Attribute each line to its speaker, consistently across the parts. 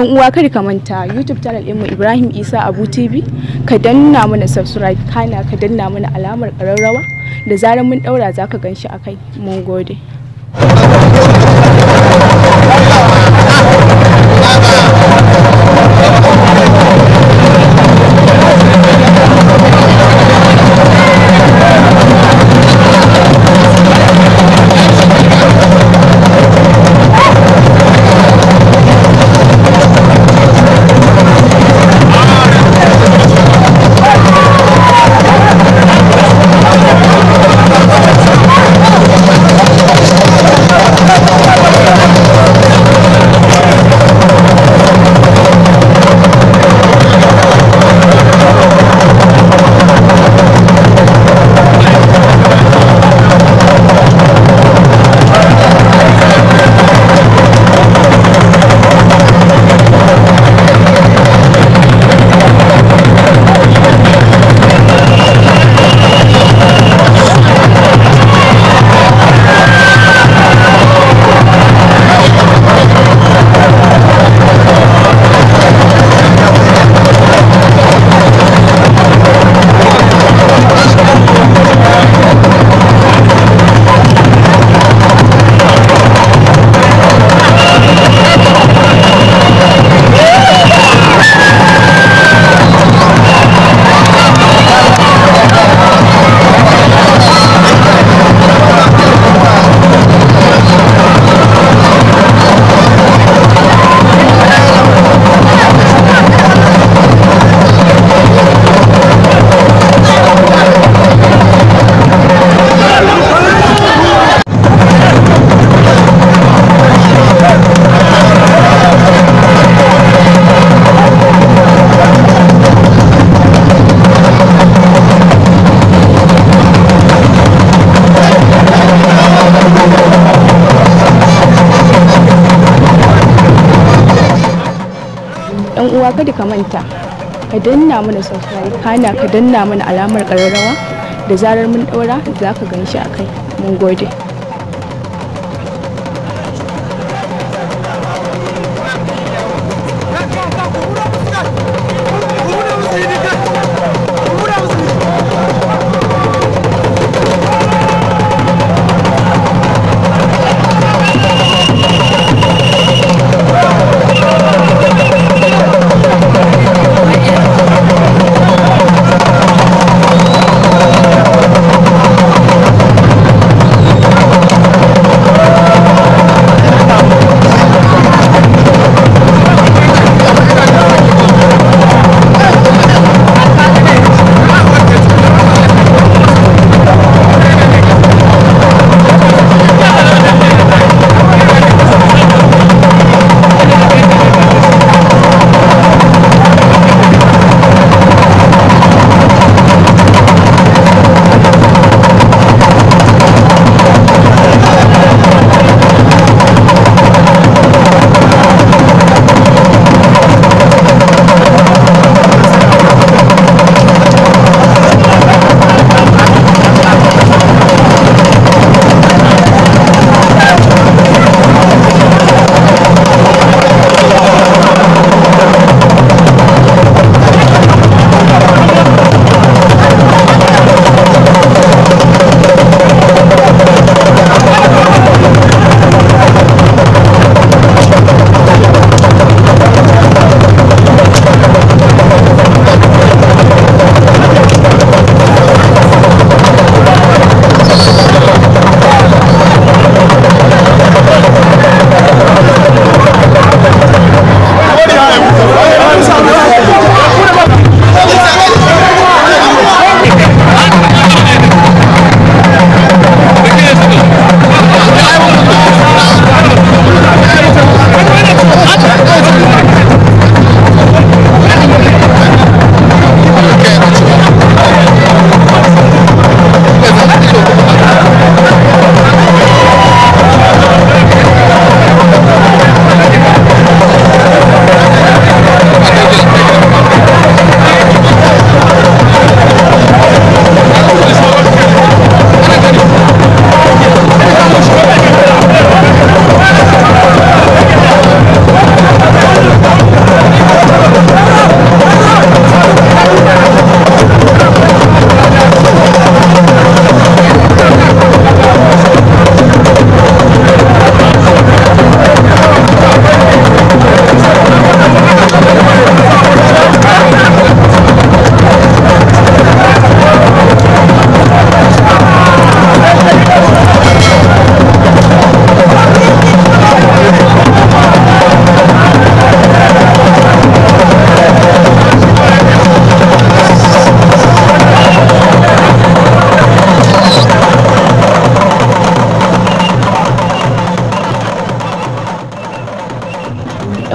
Speaker 1: yan uwa kar ka manta youtube channel ɗinmu ibrahim isa abu tv ka danna mana subscribe kana ka danna mana alamar ƙararrawa da zarar mun daura zaka ka gan shi a mun gode dan uwa kada ka manta ka danna mana sosai kana ka danna mana alamar kararrawa da zarar mun daura za ka gan shi akai mun gode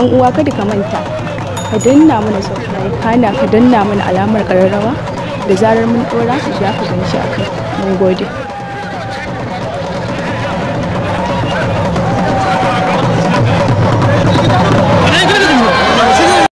Speaker 1: yan uwa kada ka manta ka danna mana subscribe kana ka danna mana alamar kararrawa da zarar mun dora za ka a kai mun gode